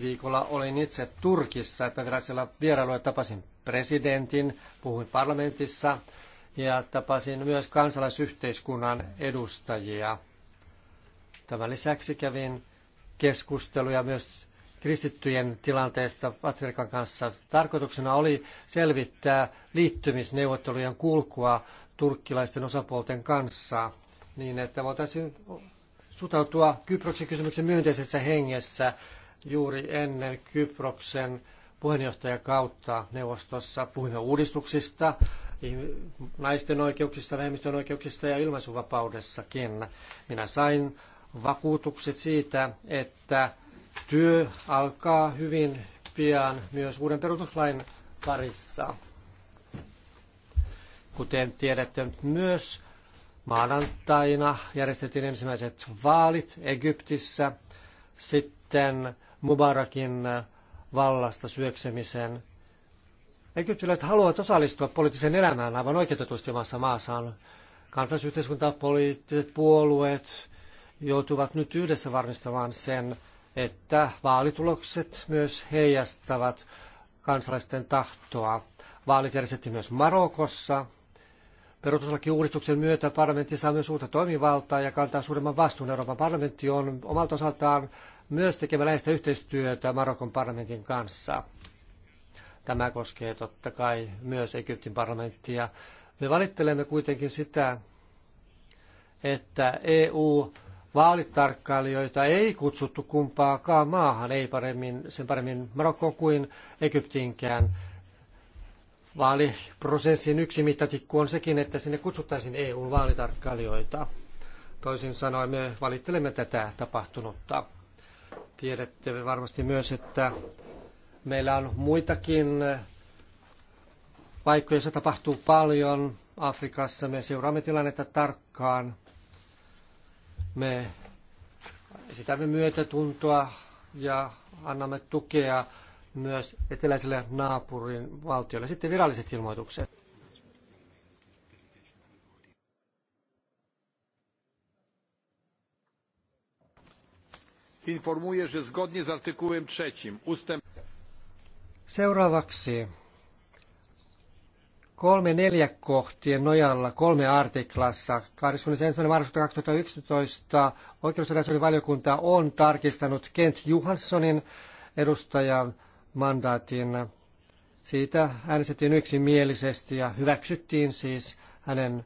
viikolla olin itse Turkissa epävirallisella vierailulla. Tapasin presidentin, puhuin parlamentissa ja tapasin myös kansalaisyhteiskunnan edustajia. Tämän lisäksi kävin keskusteluja myös kristittyjen tilanteesta Patrikan kanssa. Tarkoituksena oli selvittää liittymisneuvottelujen kulkua turkkilaisten osapuolten kanssa niin, että voitaisiin suhtautua Kyproksen kysymyksen myönteisessä hengessä juuri ennen Kyproksen puheenjohtajakautta neuvostossa. Puhuimme uudistuksista, naisten oikeuksista, vähemmistön oikeuksista ja ilmaisuvapaudessakin. Minä sain vakuutukset siitä, että työ alkaa hyvin pian myös uuden perustuslain parissa. Kuten tiedätte, myös maanantaina järjestettiin ensimmäiset vaalit Egyptissä. Sitten Mubarakin äh, vallasta syöksemisen. Egyptiläiset haluavat osallistua poliittiseen elämään aivan oikeutetusti omassa maassaan. Kansallisyhteiskunta, poliittiset puolueet joutuvat nyt yhdessä varmistamaan sen, että vaalitulokset myös heijastavat kansalaisten tahtoa. Vaalit järjestettiin myös Marokossa. Perustuslakiuudistuksen myötä parlamentti saa myös uutta toimivaltaa ja kantaa suuremman vastuun. Euroopan parlamentti on omalta osaltaan myös tekemään läheistä yhteistyötä Marokon parlamentin kanssa. Tämä koskee totta kai myös Egyptin parlamenttia. Me valittelemme kuitenkin sitä, että EU vaalitarkkailijoita ei kutsuttu kumpaakaan maahan, ei paremmin, sen paremmin Marokkoon kuin Egyptiinkään. Vaaliprosessin yksi mittatikku on sekin, että sinne kutsuttaisiin EU-vaalitarkkailijoita. Toisin sanoen me valittelemme tätä tapahtunutta. Tiedätte varmasti myös, että meillä on muitakin paikkoja, joissa tapahtuu paljon. Afrikassa me seuraamme tilannetta tarkkaan. Me esitämme myötätuntoa ja annamme tukea myös eteläiselle naapurin valtiolle. Sitten viralliset ilmoitukset. Informuję, że zgodnie z artykułem 3 ustęp... Seuraavaksi kolme neljä kohtien nojalla kolme artiklassa 21. marraskuuta 2011 oikeusrajoisuuden valiokunta on tarkistanut Kent Johanssonin edustajan mandaatin. Siitä äänestettiin yksimielisesti ja hyväksyttiin siis hänen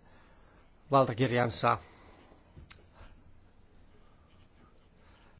valtakirjansa.